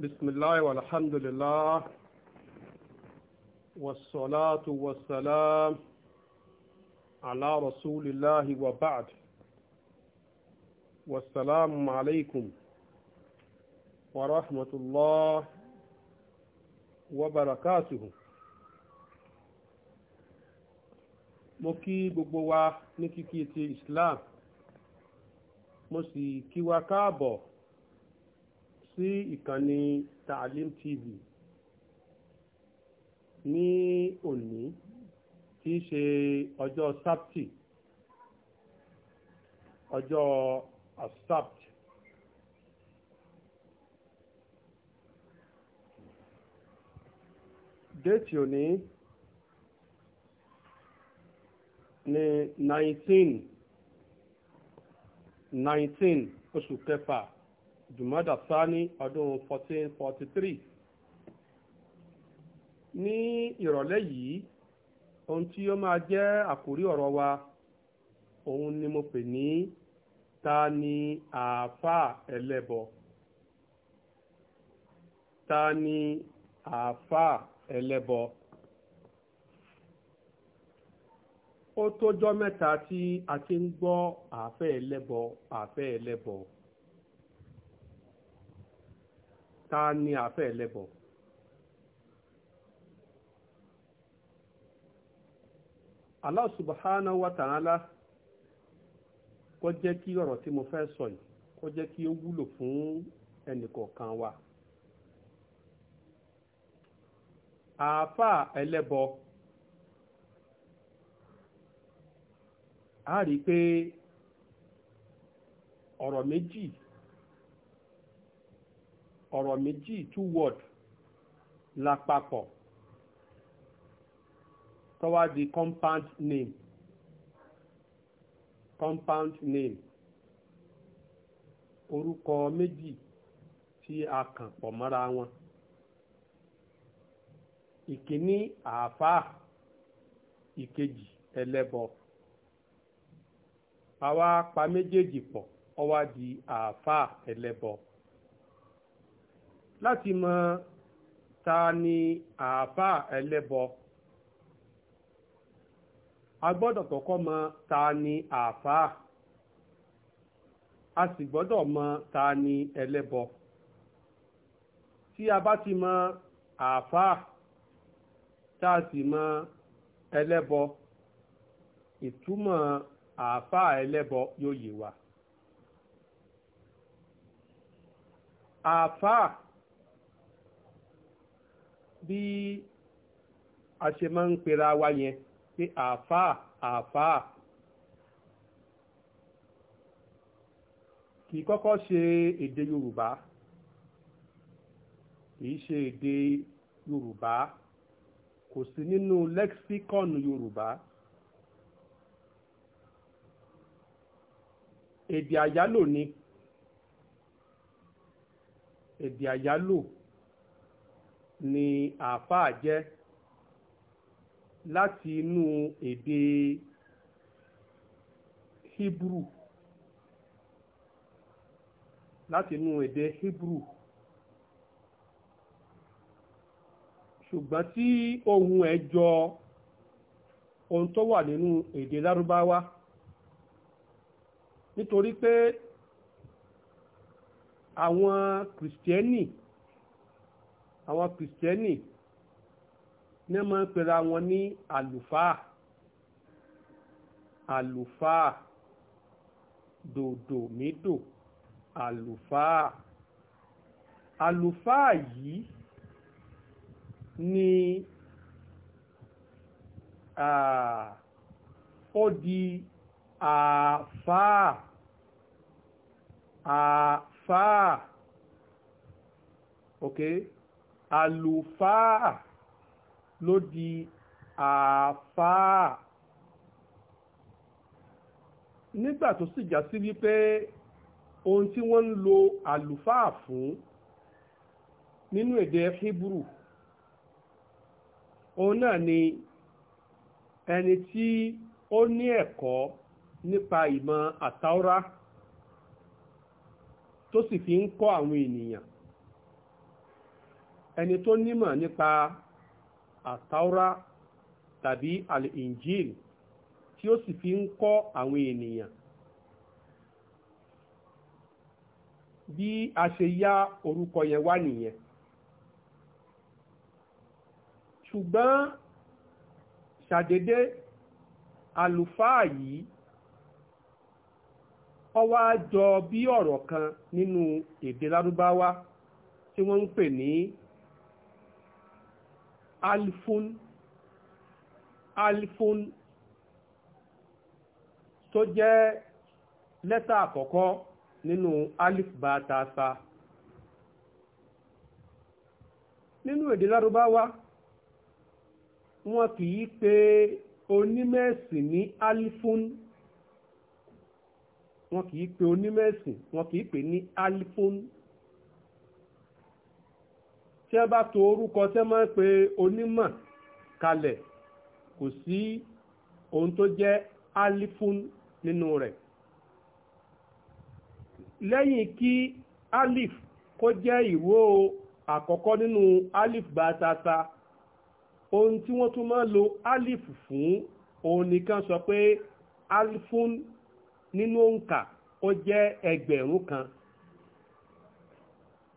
بسم الله والحمد لله والصلاة والسلام على رسول الله وبعد والسلام عليكم ورحمة الله وبركاته mo kí gbogbo إسلام ní kíkí sí ìkànnì Taalim TV ní òní tí í ṣe ọjọ́ sábtì ọjọ́ asabt déètì òní ní 19 19 oṣù kẹfà Jumada Sani ọdún 1443 ní ìrọ̀lẹ́ yìí ohun tí ó máa jẹ́ àkórí ọ̀rọ̀ wa òun ni mo pè ní ta ni àáfàá ẹlẹ́bọ ta ni àáfàá ẹlẹ́bọ ó tójọ́ mẹ́ta tí a ti ń gbọ́ àáfẹ́ ẹlẹ́bọ àáfẹ́ ẹlẹ́bọ ta ni a ẹlẹ́bọ. Allah subhanahu wa ta'ala kó jẹ́ kí ọ̀rọ̀ tí mo fẹ́ sọ yìí kó jẹ́ kí ó wúlò fún ẹnìkọ̀ọ̀kan wa. àáfàá ẹlẹ́bọ a rí pé ọ̀rọ̀ ọ̀rọ̀ méjì two word lápapọ̀ tó wá di compound name compound name orúkọ méjì tí a kàn pọ̀ mọ́ra wọn ìkíní àáfàá ìkejì ẹlẹ́bọ àwa pa méjèèjì pọ̀ ó di àáfàá ẹlẹ́bọ láti mọ ta ni àáfàá ẹlẹ́bọ a gbọ́dọ̀ kọ́kọ́ mọ ta ni àáfàá a sì gbọ́dọ̀ mọ ta ni ẹlẹ́bọ tí a bá ti mọ àáfàá tá a sì mọ ẹlẹ́bọ ìtumọ̀ àáfàá ẹlẹ́bọ yóò yé wa àáfàá bí a ṣe máa ń pera wa yẹn pé àáfàá àáfàá kì í kọ́kọ́ ṣe èdè Yorùbá kì í ṣe èdè Yorùbá kò sí nínú lexicon Yorùbá èdè àyálò ni èdè àyálò ni àáfàá jẹ́ láti inú èdè Hebrew láti inú èdè Hebrew ṣùgbọ́n tí ohun ẹ̀ jọ ohun tó wà nínú èdè lárúbáwá nítorí pé àwọn kìrìsìtẹ́nì àwọn kìrìsìtẹ́nì ní ọmọ ń pera wọn ní àlùfáà àlùfáà dòdòmídò àlùfáà àlùfáà yìí ni ó di àfáà àfáà okay Alufa, ló di àfáà nígbà tó sì já sí wípé ohun tí wọ́n ń lo àlùfáà fún nínú èdè Hebrew òun náà ni ẹni tí ó ní ẹ̀kọ́ nípa ìmọ̀ àtàwọ́rá tó sì fi ń kọ́ àwọn ènìyàn ẹni tó nímọ̀ nípa àtàúrà tàbí al tí ó sì fi ń kọ́ àwọn ènìyàn bí a ṣe yá orúkọ yẹn wá nìyẹn ṣùgbọ́n ṣàdédé àlùfáà yìí ó jọ bí ọ̀rọ̀ kan nínú èdè lárúbáwá tí wọ́n ń pè ní alifun alifun tó jẹ́ lẹ́tà àkọ́kọ́ nínú alif bá sa nínú èdè lárúbáwá wọn kì í pe onímẹ̀sìn ní alifun wọn kì í pe onímẹ̀sìn wọn kì í pe ní alifun tí wọ́n bá to orúkọ tí wọ́n máa ń pe onímọ̀ kalẹ̀ kò sí ohun tó jẹ́ alifun nínú rẹ̀ lẹ́yìn kí alif kó jẹ́ ìró àkọ́kọ́ nínú alif bàtàtà ohun tí wọ́n tún máa lo alif fún òun nìkan sọ pé alifun nínú òǹkà ó jẹ́ ẹgbẹ̀rún kan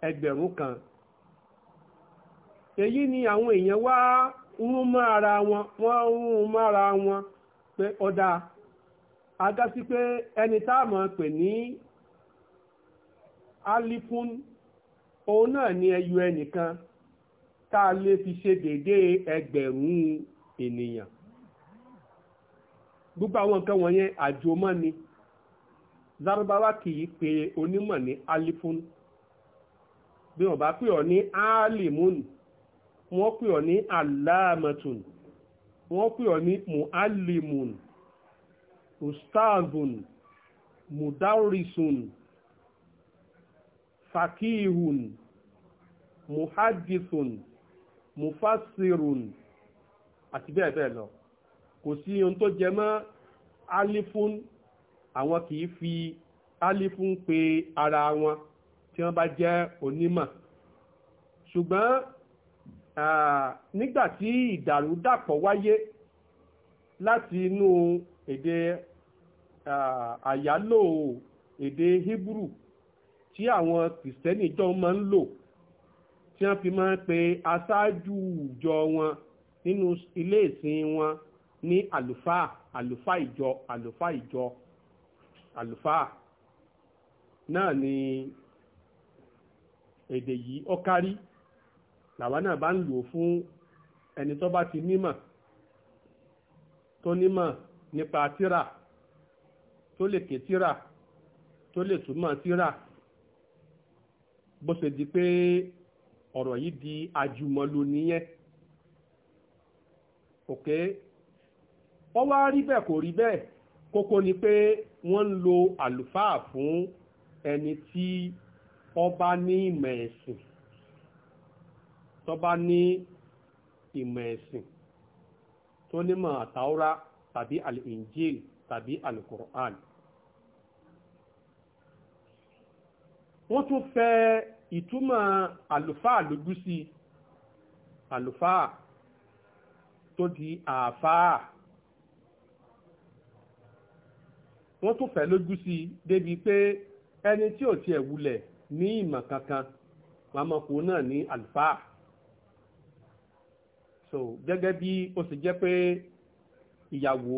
ẹgbẹ̀rún kan èyí ni àwọn èèyàn wá ń mọ́ ara wọn wọ́n ń mọ́ ara wọn pé ọ̀dà agásí pé ẹni tá a mọ̀ pè ní alifun òun náà ni ẹyọ ẹnìkan tá a lè fi ṣe dédé ẹgbẹ̀rún ènìyàn gbogbo àwọn nǹkan wọ̀nyẹn àjòmọ́ ni lárúbáwá kì í pe onímọ̀ ní alifun bí wọ́n bá pè ọ́ ní alimun wọ́n pè ọ́ ní alamatun wọ́n pè ọ́ ní muallimun ustazun mudarrisun fakihun muhadithun mufassirun àti bẹ́ẹ̀ bẹ́ẹ̀ lọ kò sí ohun tó jẹ mọ́ alifun àwọn kìí fi alifun pe ara wọn tí wọ́n bá jẹ́ onímọ̀ ṣùgbọ́n Ah, nígbà tí ìdàrúdàpọ̀ wáyé láti inú èdè ah, àyálò èdè Hebrew tí àwọn kìrìsìtẹ́nì jọ máa ń lò tí wọ́n fi máa ń pe aṣáájú ìjọ wọn nínú ilé ìsìn wọn ní àlùfáà àlùfáà ìjọ àlùfáà ìjọ àlùfáà náà ni èdè yìí ó làwa náà bá ń lò fún ẹni tó bá ti nímọ̀ tó nímọ̀ nípa tíra tó lè ké tíra tó lè túmọ̀ tíra bó ṣe di pé ọ̀rọ̀ yìí di àjùmọ̀lò nìyẹn ok wọ́n wá rí bẹ́ẹ̀ kò rí bẹ́ẹ̀ kókó ni pé wọ́n ń lo àlùfáà fún ẹni tí ọba ní ìmọ̀ ẹ̀sìn tó bá ní ìmọ̀ ẹ̀sìn tó nímọ̀ àtàwọ́rá tàbí al-injil tàbí al-qur'an wọ́n tún fẹ́ ìtumọ̀ àlùfáà lójú sí àlùfáà tó di àfáà wọ́n tún fẹ́ lójú sí débi pé ẹni tí ò tiẹ̀ wulẹ̀ ní ìmọ̀ kankan màmá náà ní àlùfáà so gẹ́gẹ́ bí ó sì jẹ́ pé ìyàwó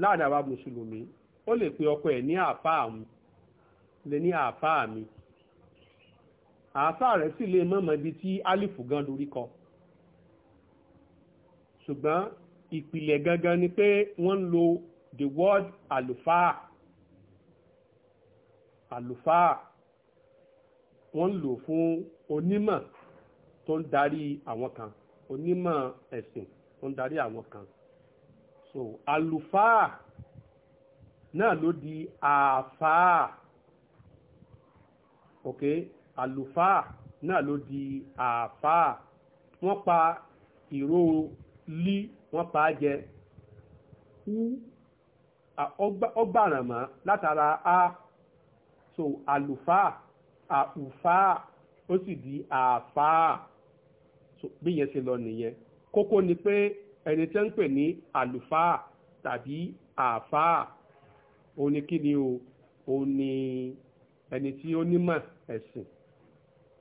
láàrin àwa mùsùlùmí ó lè pe ọkọ ẹ̀ ní àáfàá mu lè ní àáfàá mi àáfàá rẹ̀ sì lè mọ̀mọ́ ibi tí alifu gan dorí kọ ṣùgbọ́n ìpìlẹ̀ gangan ni pé wọ́n ń lo the word àlùfáà àlùfáà wọ́n ń lò fún onímọ̀ tó ń darí àwọn kan onímọ̀ ẹ̀sìn ó ń darí àwọn kan so àlùfáà náà ló di àfáà ok àlùfáà náà ló di àfáà wọ́n pa ìró lí wọ́n pa á jẹ kú ọgbà àràmọ́ látara a so àlùfáà àùfáà ó sì di àfáà bí yẹn ṣe lọ nìyẹn kókó ni pé ẹni tẹ́ ń pè ní àlùfáà tàbí àfáà ó ní kí ni o ó ní ẹni tí ó nímọ̀ ẹ̀sìn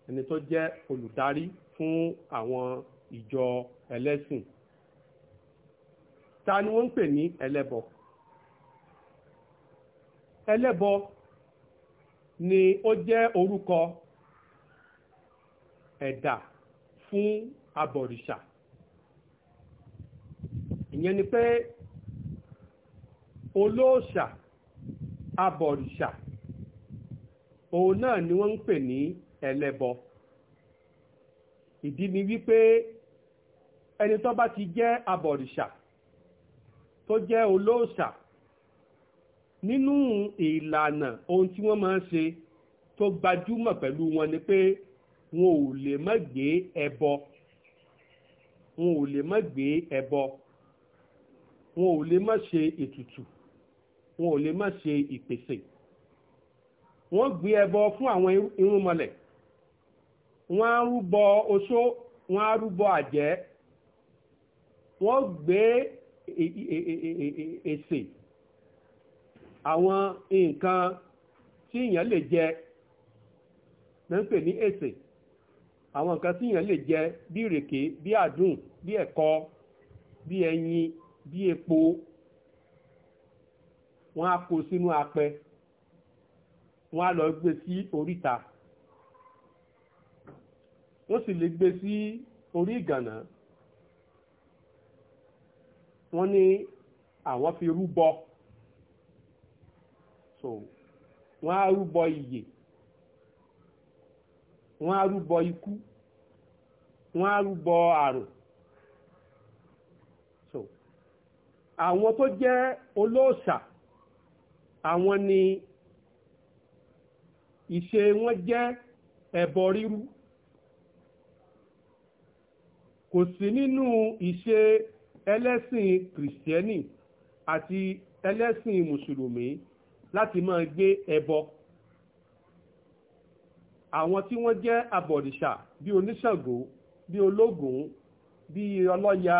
ẹni tó jẹ́ olùdarí fún àwọn ìjọ ẹlẹ́sìn ta ni wọ́n ń pè ní ẹlẹ́bọ ẹlẹ́bọ ni ó jẹ́ orúkọ ẹ̀dà e fún abọ̀rìṣà ìyẹn ni pé olóòṣà abọ̀rìṣà òun náà ni wọ́n ń pè ní ẹlẹ́bọ ìdí ni wípé ẹni tó bá ti jẹ́ abọ̀rìṣà tó jẹ́ olóòṣà nínú ìlànà ohun tí wọ́n máa ń ṣe tó gbajúmọ̀ pẹ̀lú wọn ni pé wọn ò lè má gbé ẹbọ wọn ò lè má gbé ẹbọ wọn ò lè má ṣe ètùtù wọn ò lè má ṣe ìpèsè wọ́n gbé ẹbọ fún àwọn irúnmọlẹ̀ wọ́n á rúbọ oṣó wọ́n á rúbọ àjẹ́ gbé e, e, e, èsè àwọn nǹkan tí èèyàn lè jẹ ló ní èsè àwọn nǹkan tí èèyàn lè jẹ bí ìrèké bí àdùn bí ẹ̀kọ bí ẹyin bí epo wọ́n á kó sínú apẹ wọ́n á lọ gbé sí oríta wọ́n sì lè gbé sí orí ìgànná wọ́n ní àwọn fi rúbọ so wọ́n á rúbọ ìyè wọ́n á rúbọ ikú wọ́n á àrùn so àwọn tó jẹ́ olóòṣà àwọn ni ìṣe wọn jẹ́ ẹbọ rírú kò sí nínú ìṣe ẹlẹ́sìn kìrìsìtẹ́nì àti ẹlẹ́sìn mùsùlùmí láti máa gbé ẹbọ. E àwọn tí wọ́n jẹ́ abọ̀rìṣà bí oníṣàngó bí ológun bí ọlọ́ya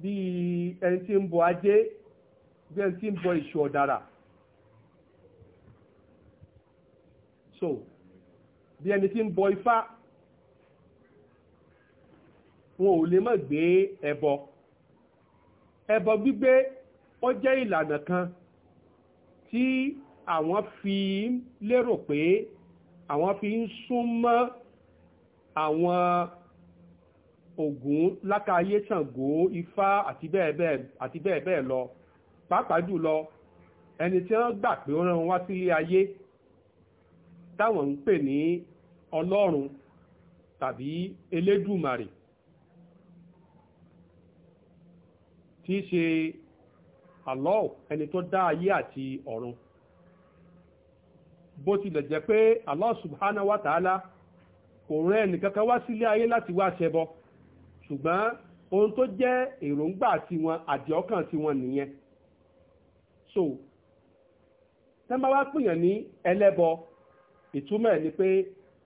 bí ẹni tí ń bọ ajé bí ẹni tí ń bọ ìṣù ọ̀dàrà so bí ẹni tí ń bọ ifá wọn ò lè má gbé ẹbọ ẹbọ gbígbé ó jẹ́ ìlànà kan tí àwọn fi lérò pé àwọn fi ń súnmọ́ àwọn Ògún lákàáyé Ṣàngó Ifá àti bẹ́ẹ̀ bẹ́ẹ̀ àti bẹ́ẹ̀ bẹ́ẹ̀ lọ pàápàá jùlọ ẹni tí wọ́n gbà pé ó rán wá sílé ayé táwọn ń pè ní Ọlọ́run tàbí Elédùmarè tí í ṣe Allah ẹni tó dá ayé àti ọ̀run bó tilẹ̀ jẹ́ pé Allah subhanahu wa ta'ala kò rán ẹnìkankan wá sílé ayé láti wá ṣẹbọ ṣùgbọ́n ohun tó jẹ́ èròǹgbà tiwọn àdìọ́kàn tiwọn nìyẹn so tẹ́mbà wá pèèyàn ní ẹlẹ́bọ ìtumọ̀ ẹ̀ ni pé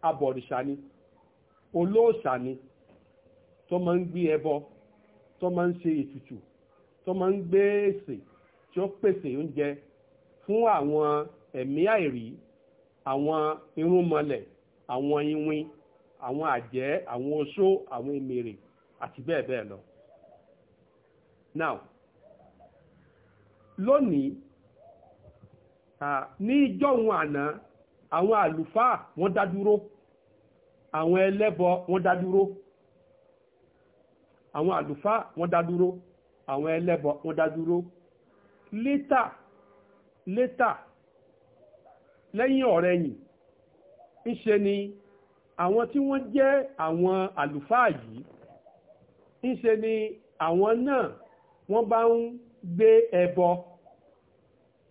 abọ̀rìṣà ni olóòṣà ni tó máa ń gbé ẹbọ tó máa ń ṣe ètùtù tó máa ń gbé èsè tí ó pèsè oúnjẹ fún àwọn ẹ̀mí àìrí àwọn irúnmọlẹ̀ àwọn iwin àwọn àjẹ́ àwọn oṣó àwọn emèrè àti bẹ́ẹ̀ bẹ́ẹ̀ lọ. now lónìí ní ìjọ́hun àná àwọn àlùfáà wọ́n dá dúró àwọn ẹlẹ́bọ wọ́n dá dúró àwọn àlùfáà wọ́n dá dúró àwọn ẹlẹ́bọ wọ́n dá létà létà lẹ́yìn ọ̀rẹ́ yìí ń ṣe ni àwọn tí wọ́n jẹ́ àwọn àlùfáà yìí ń ṣe ni àwọn náà wọ́n bá ń gbé ẹbọ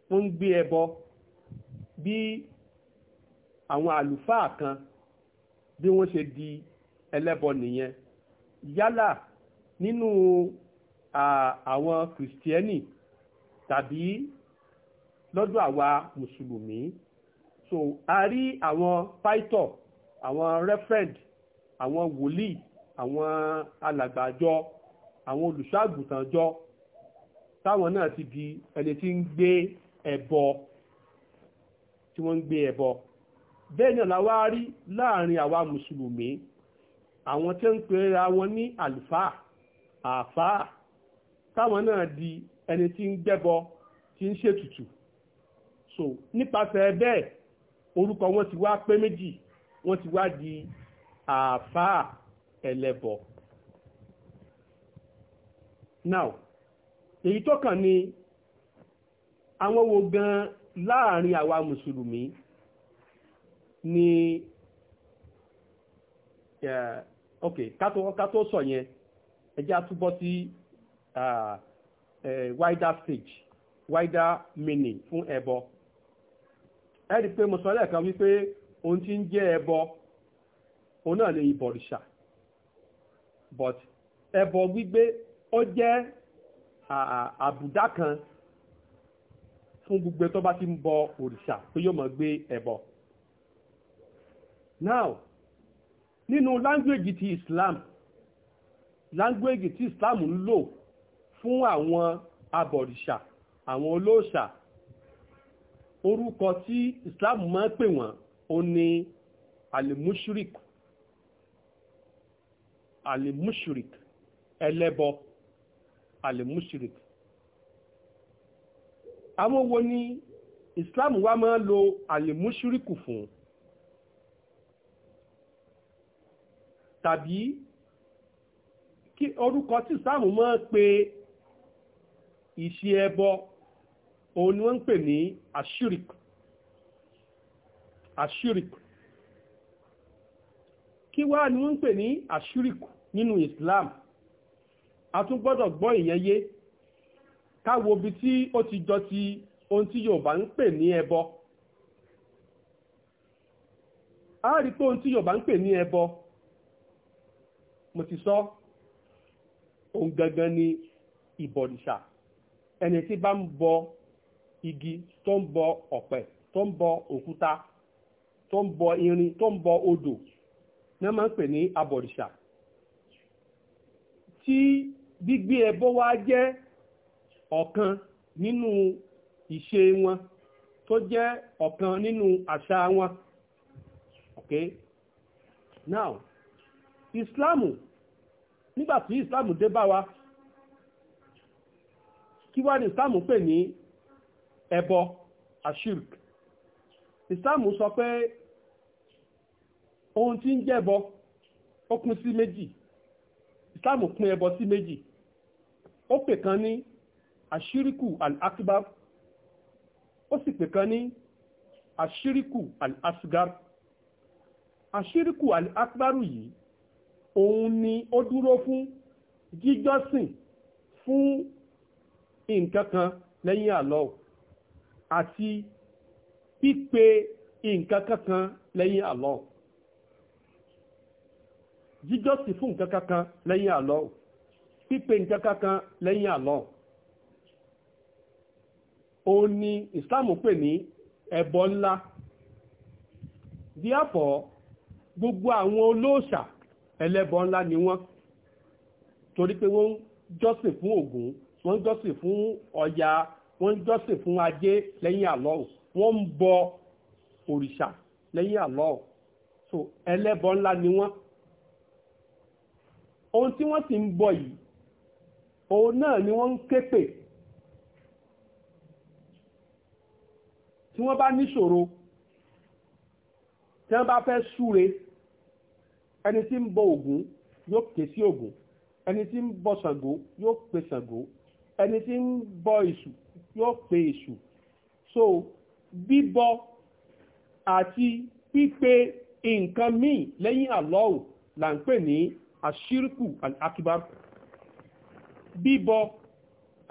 wọ́n ń gbé ẹbọ bí àwọn àlùfáà kan bí wọ́n ṣe di ẹlẹ́bọ nìyẹn yálà nínú àwọn kìrìsìtẹ́nì tàbí lọ́dọ̀ àwa mùsùlùmí so a rí àwọn pítọ̀ àwọn referent àwọn wòlíì àwọn alàgbàjọ àwọn olùṣọ́àgùtànjọ táwọn náà ti di ẹni tí ń gbé ẹbọ tí wọ́n ń gbé ẹbọ bẹ́ẹ̀ náà la wá rí láàrin àwa mùsùlùmí àwọn tí ń pè ra wọn ní àlùfáà àfáà táwọn náà di ẹni tí ń gbẹ́bọ tí ń ṣètùtù so nípasẹ̀ bẹ́ẹ̀ orúkọ wọn ti wá pé méjì wọ́n ti wá di àáfàá ẹlẹ́bọ now èyí tó kàn ni àwọn wo gan láàrin àwa mùsùlùmí ni eh, ok ká tó sọ yẹn ẹjẹ́ àtúbọ̀ sí ah, eh, wider stage wider meaning fún ẹbọ. E ẹ̀rí pé mo sọ lẹ́ẹ̀kan wípé ohun tí ń jẹ́ ẹbọ òun náà lè ìbọ̀rìṣà but ẹbọ gbígbé ó jẹ́ àbùdá kan fún gbogbo tó bá ti ń bọ òrìṣà pé yóò máa gbé ẹbọ now nínú láńgbèjì ti Islam láńgbèjì tí Islam ń lò fún àwọn abọ̀rìṣà àwọn olóòṣà orúkọ tí islam máa pè wọ́n ó ní alimushrik alimushrik ẹlẹ́bọ alimushrik àwọn wo ni islam wá máa lo alimushrik fún tàbí orúkọ tí islam máa pè iṣẹ́ ẹbọ òun ni wọ́n ń pè ní ashirik ashirik kí wá ni wọ́n ń pè ní ashirik nínú Islam a tún gbọ́dọ̀ gbọ́ ìyẹn yé káwo bí tí ó ti jọ ti ohun tí Yorùbá ń pè ní ẹbọ a rí pé ohun tí Yorùbá ń pè ní ẹbọ mo ti sọ ohun gangan ni ìbọ̀rìṣà ẹni tí bá ń bọ igi tó ń bọ ọ̀pẹ tó ń bọ òkúta tó ń bọ irin tó ń bọ odò ní wọ́n máa ń pè ní abọ̀rìṣà tí gbígbé ẹbọ wá jẹ́ ọ̀kan nínú ìṣe wọn tó jẹ ọ̀kan nínú àṣà wọn okay now islamu nígbà tí ìsìláàmù dé bá wa kí wá ní ìsìláàmù pè ní ẹbọ ashirk ìsáàmù sọ pé ohun tí ń jẹ́bọ ó pín sí méjì ìsáàmù pín ẹbọ sí méjì ó pè kan ní ashiriku al-akbar ó sì pè kan ní ashiriku al-asgar ashiriku al-akbaru yìí òun ni ó dúró fún jíjọ́sìn fún nǹkan kan lẹ́yìn àlọ́ọ̀ àti pípe nǹkan kankan lẹ́yìn Allah jíjọ́sìn fún nǹkan kankan lẹ́yìn Allah pípe nǹkan kankan lẹ́yìn Allah òun ni Islam pè ní ẹbọ ńlá therefore gbogbo àwọn olóòṣà ẹlẹ́bọ ńlá ni wọ́n torí pé wọ́n jọ́sìn fún Ògún wọ́n jọ́sìn fún Ọya wọ́n ń jọ́sìn fún ajé lẹ́yìn àlọ́ọ̀ wọ́n ń bọ òrìṣà lẹ́yìn àlọ́ọ̀ so ẹlẹ́bọ ńlá ni wọ́n ohun tí wọ́n sì ń bọ yìí òun náà ni wọ́n ń képè tí wọ́n bá níṣòro tí wọ́n bá fẹ́ súre ẹni tí ń bọ Ògún yóò ké sí Ògún ẹni tí ń bọ Ṣàngó yóò pè Ṣàngó ẹni tí ń bọ Èṣù yóò pe èṣù so bíbọ àti pípe nǹkan míì lẹ́yìn àlọ́ọ̀ là ń pè ní àṣírkù al-akbar bíbọ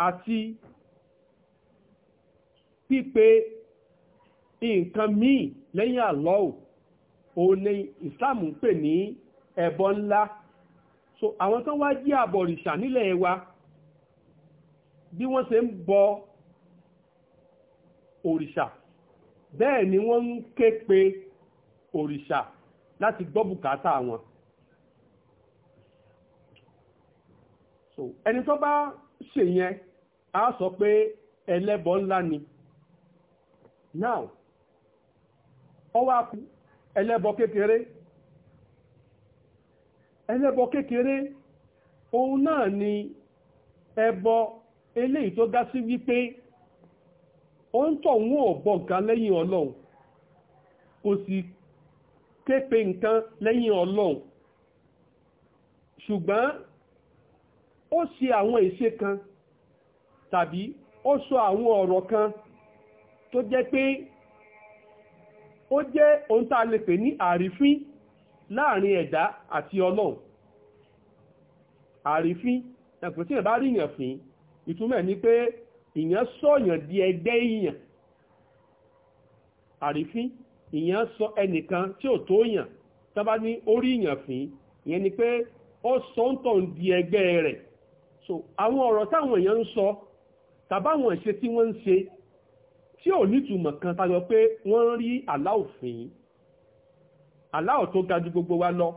àti pípe nǹkan míì lẹ́yìn àlọ́ọ̀ òun ni Islam ń pè ní ẹbọ ńlá so àwọn tó wá jí àbọ̀rìṣà nílẹ̀ wa bí wọ́n ṣe ń bọ òrìṣà bẹ́ẹ̀ ni wọ́n ń ké pe òrìṣà láti gbọ́ bùkátà wọn so ẹni tó bá a sọ pé ẹlẹ́bọ ńlá ni now ọwọ́ akú ẹlẹ́bọ kékeré ẹlẹ́bọ kékeré òun náà ni ẹbọ eléyìí tó dá sí wípé ó ń tọ̀ wọ́n ò bọ nǹkan lẹ́yìn ọlọ́run kò sì képe nǹkan lẹ́yìn ọlọ́run ṣùgbọ́n ó ṣe àwọn ìṣe kan tàbí ó sọ àwọn ọ̀rọ̀ kan tó jẹ́ pé ó jẹ́ ohun tá a lè pè ní àrífín láàrin ẹ̀dá àti ọlọ́run àrífín ẹ̀pẹ̀ tí ẹ̀ rí ìyàn fín ìtumọ̀ pé ìyẹn sọ̀yàn di ẹgbẹ́ èèyàn àrífín ìyẹn sọ ẹnìkan tí ò tó yàn tábà ní orí ìyàn fín ìyẹn ni pé ó sọ di ẹgbẹ́ rẹ̀ so àwọn ọ̀rọ̀ táwọn èèyàn ń sọ tàbáwọn ìṣe tí wọ́n ń ṣe tí ò nítumọ̀ kan tayọ pé wọ́n ń rí aláòfin aláò tó ga ju gbogbo wa lọ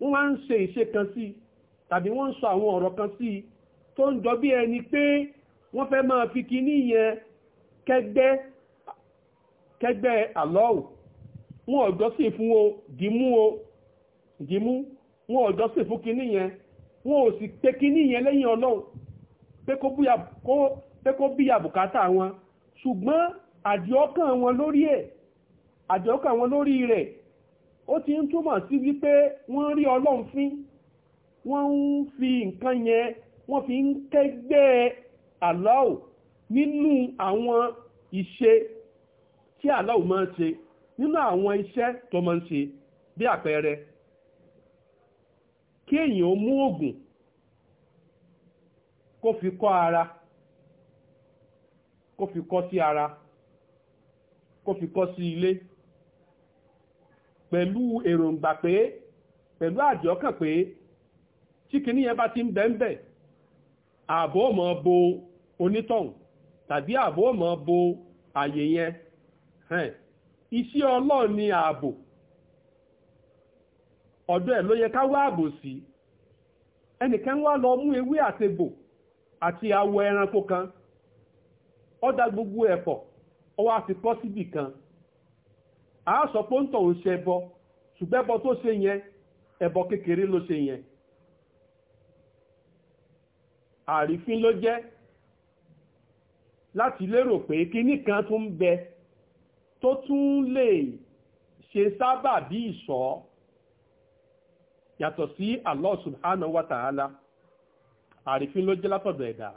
wọ́n wá ń ṣe ìṣe kan sí tàbí wọ́n ń sọ àwọn ọ̀rọ̀ kan sí tó ń jọ bí ẹni pé wọ́n fẹ́ máa fi kíní yẹn kẹgbẹ́ kẹgbẹ́ àlọ́wù wọ́n ò jọ́sìn fún o dìímú o dìímú wọn ò jọ́sìn fún kíní yẹn wọn ò sì pe kíní yẹn lẹ́yìn ọlọ́run pé kó bí àbùkátà wọn ṣùgbọ́n àdìọ́kàn wọn lórí ẹ̀ àdìọ́kàn wọn lórí rẹ̀ ó ti ń túmọ̀ sí wípé wọ́n rí ọlọ́run fín wọ́n ń fi nǹkan yẹn wọ́n fi ń kẹ́gbẹ́ aláwò nínú àwọn ìṣe tí aláwò máa ń ṣe nínú àwọn iṣẹ́ tó máa ń ṣe bí àpẹẹrẹ kí èèyàn mú oògùn kó fi kọ́ ara kó fi kọ́ sí ara kó fi kọ́ sí ilé pẹ̀lú èròǹgbà pé pẹ̀lú àjọ́kàn pé tí kìíní yẹn bá ti ń bẹ́ńbẹ̀ ààbò mọ́ bo onítọ̀hún tàbí ààbò mọ́ bo àyè yẹn iṣẹ́ ọlọ́run ni ààbò ọ̀dọ̀ ẹ̀ ló yẹ ká wá ààbò sí ẹnìkan wá lọ mú ewé àtegbò àti awọ ẹranko kan ọ dá gbogbo ẹ̀ pọ̀ ó wá fi pọ́ síbì kan a sọ pé ó ń tọ̀ ń ṣe ẹbọ ṣùgbọ́n ẹbọ tó ṣe yẹn ẹbọ kékeré ló ṣe yẹn àrífín ló jẹ́ láti lérò pé kíní kan tó ń bẹ tó tún lè ṣe sábà bí ìṣọ́ yàtọ̀ sí Allah subhanahu wa ta'ala àrífín ló jẹ́ látọ̀dọ̀ ẹ̀dá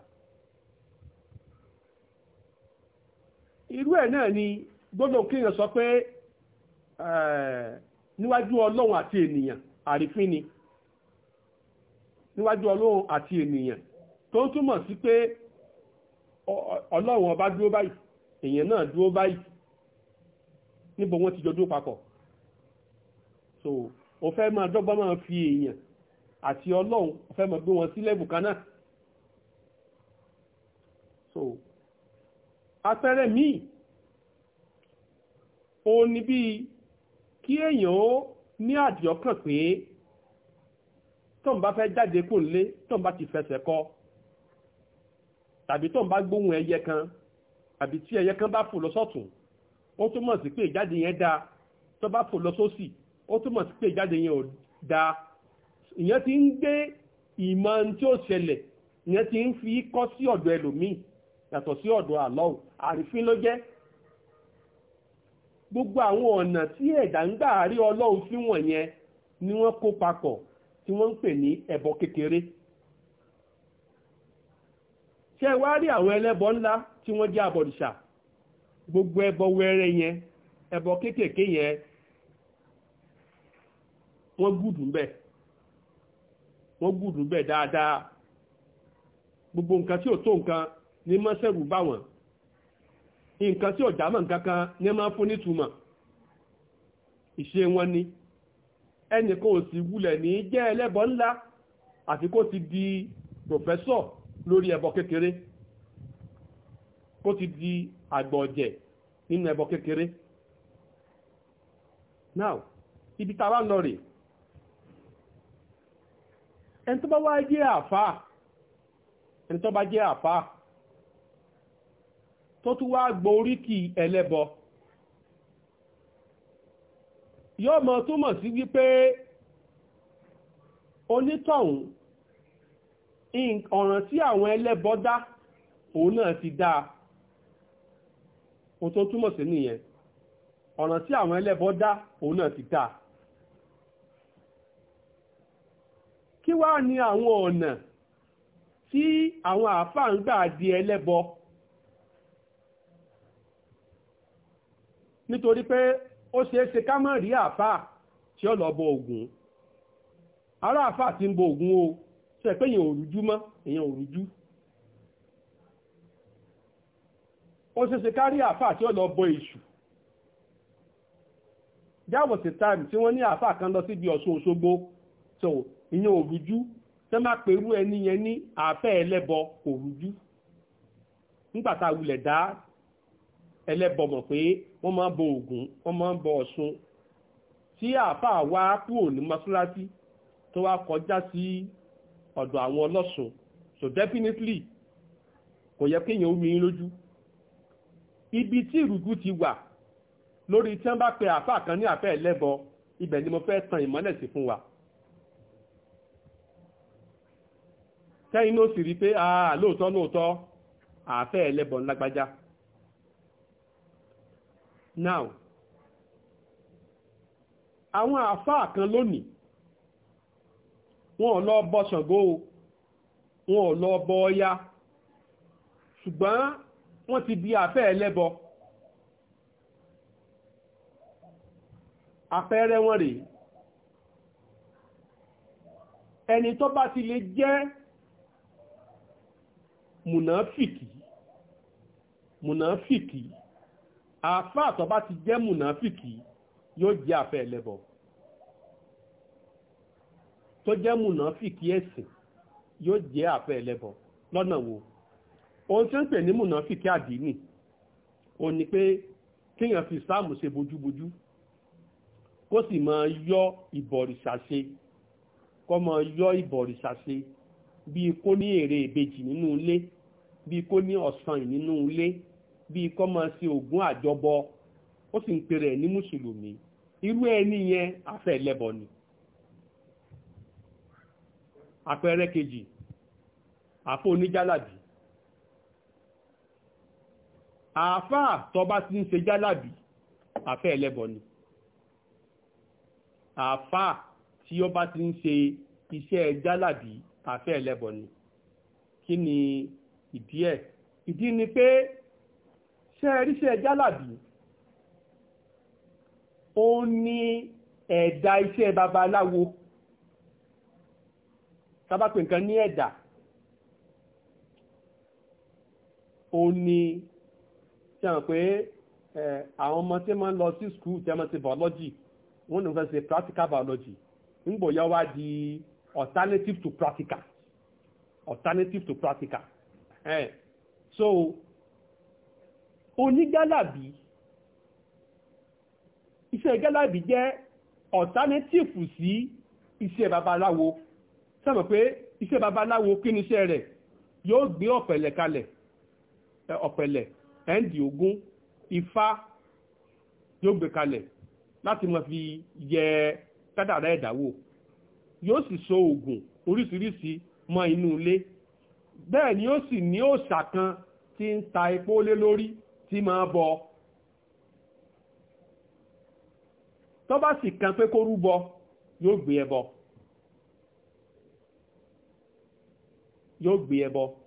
irú ẹ̀ náà ni gbọ́dọ̀ kíyàn sọ pé eh, níwájú ọlọ́run àti ènìyàn àrífín ni níwájú ọlọ́run àti ènìyàn tó túmọ̀ sí pé ọlọ́run ọba dúró báyìí èèyàn náà dúró báyìí níbo wọ́n ti jọ dúró papọ̀ so o fẹ́ máa dọ́gba máa fi èèyàn àti ọlọ́run o fẹ́ máa gbé wọn sí lẹ́bù kan náà so àpẹẹrẹ míì ó ní bí kí èèyàn ó ní àdìọ́kàn pé tóun bá fẹ́ jáde kó ń lé tóun bá ti fẹsẹ̀ kọ́ tàbí tó ń bá gbóhùn ẹyẹ kan àbí tí ẹyẹ kan bá fò lọ sọ́tún ó túmọ̀ sí pé ìjáde yẹn dáa tó bá fò lọ sósì ó túmọ̀ sí pé ìjáde yẹn ò dáa ìyẹn ti ń gbé ìmọ̀ tí ó ṣẹlẹ̀ ìyẹn ti ń fi kọ́ sí ọ̀dọ̀ ẹlòmíì yàtọ̀ sí ọ̀dọ̀ àlọ́hùn àrífín ló jẹ́ gbogbo àwọn ọ̀nà tí ẹ̀dá ń gbà rí ọlọ́run fíwọ̀n yẹn ni wọ́n kó papọ̀ tí wọ́n ń pè ní ẹbọ kékeré ṣe wá rí àwọn ẹlẹ́bọ ńlá tí wọ́n jẹ́ àbọ̀dìṣà gbogbo ẹbọ wẹ́rẹ́ yẹn ẹbọ kéékèèké yẹn wọ́n gùdù bẹ̀ wọ́n gùdù bẹ̀ dáadáa gbogbo nǹkan tí ò tó nǹkan ní mọ́sẹ̀rù bá wọn nǹkan tí ò dámọ̀ nǹkan kan ní máa fún nítumọ̀ ìṣe wọn ni ẹnì kan ò sì wulẹ̀ ní jẹ́ ẹlẹ́bọ ńlá àti kó ti di pòfẹ́sọ̀ lórí ẹbọ kékeré kó ti di àgbọ̀ ọ̀jẹ̀ nínú ẹbọ kékeré now ibi tàwa ń lọ rè ẹni tó bá wá jẹ́ àfáà ẹni tó bá jẹ́ àfáà tó tún wá gbọ́ oríkì ẹlẹ́bọ yọ́ mọ̀ túmọ̀ sí wípé onítọ̀hún ọ̀ràn tí àwọn ẹlẹ́bọ dá òun náà ti dáa ohun tó túmọ̀ sí nìyẹn ọ̀ràn tí àwọn ẹlẹ́bọ dá òun náà ti dáa kí wá ní àwọn ọ̀nà tí àwọn àáfà ń gbà di ẹlẹ́bọ nítorí pé ó ṣeéṣe ká má rí àáfàá tí ó lọ bọ Ògún ará ti ń bọ ogun o. sọ ẹ̀ pé èèyàn òrùjú mọ́ èèyàn òrùjú ó ṣeéṣe kárí àáfàá tí ó lọ bọ èṣù that was the time tí wọ́n ní àáfàá kan lọ síbi Ọ̀ṣun Òṣogbo so ìyẹn òrùjú tẹ́ máa pèrú ẹni yẹn ní àáfẹ́ ẹlẹ́bọ òrùjú nígbàtà wulẹ̀ dá ẹlẹ́bọ mọ̀ pé wọ́n máa ń bọ Ògún wọ́n máa ń bọ Ọ̀ṣun tí àáfàá wá kúrò ní mọ́ṣáláṣí tó wá kọjá sí ọ̀dọ̀ àwọn ọlọ́sùn so definitely kò yẹ kéèyàn ó rìn lójú ibi tí ìrùgù ti wà lórí tí wọ́n bá pe àfáà kan ní àfẹ́ ẹlẹ́bọ ibẹ̀ ni mo fẹ́ tan ìmọ́lẹ̀ sí fún wa tẹ́yìn ló sì rí pé àà lóòótọ́ lóòótọ́ àfẹ́ ẹlẹ́bọ lágbájá now àwọn àfáà kan lónìí wọn ò lọ bọ Ṣàngó o wọn ò lọ bọ Ọya ṣùgbọ́n wọ́n ti di àfẹ́ ẹlẹ́bọ àpẹẹrẹ wọn rèé ẹni tó bá ti lè jẹ́ mùnàfìkì mùnàfìkì àáfàá tó bá ti jẹ́ mùnàfìkì yóò jẹ́ àfẹ́ ẹlẹ́bọ tó jẹ́ mùnàfíkì ẹ̀sìn yóò jẹ́ àfẹ́ ẹlẹ́bọ lọ́nà wo ohun tí ó ń pè ní mùnàfíkì àdínì ó ní pé kíyàn fi sáàmù ṣe bojúbojú kó sì máa yọ ìbọ̀rìṣà ṣe kó máa yọ ìbọ̀rìṣà ṣe bí kó ní èrè ìbejì nínú ilé bí kó ní ọ̀sán nínú ilé bí kó máa ṣe ògùn àjọbọ ó sì ń pèrè ní mùsùlùmí irú ẹni yẹn àfẹ́ ẹlẹ́bọ ni. Ye, àpẹẹrẹ kejì àfó oníjálàbí àáfáà tọba ti ń ṣe jálàbí àfẹ́ ẹlẹ́bọ ni àáfáà tí ó bá ti ń ṣe iṣẹ́ jálàbí àfẹ́ ẹlẹ́bọ ni kí ni ìdí ẹ̀ ìdí ni pé ṣe ríṣẹ́ ó ní ẹ̀dà iṣẹ́ babaláwo tábà pè nǹkan ní ẹ̀dà ó ní tí a pé àwọn ọmọ tí wọ́n lọ sí skul tí a mọ̀ sí biology wọ́n ní wọ́n fẹ́ ṣe practical biology ńgbò yá wá di alternative to practical alternative to practical eh. so onígálàbí iṣẹ́ gálàbí jẹ́ alternative sí iṣẹ́ babaláwo sẹ́mọ̀ pé iṣẹ́ babaláwo kí ni iṣẹ́ rẹ̀ yóò gbé ọ̀pẹ̀lẹ̀ kalẹ̀ ọ̀pẹ̀lẹ̀ ẹ̀ǹdì ogún ifá yóò gbé kalẹ̀ láti mọ̀ fi yẹ kádàrá ẹ̀dá wò yóò sì so oògùn oríṣiríṣi mọ́ inú ilé bẹ́ẹ̀ ni ó sì ní òòṣà kan tí ń ta epo lé lórí tí máa bọ tó bá sì kan pé kó rúbọ yóò gbé ẹbọ. E yóò gbé ẹbọ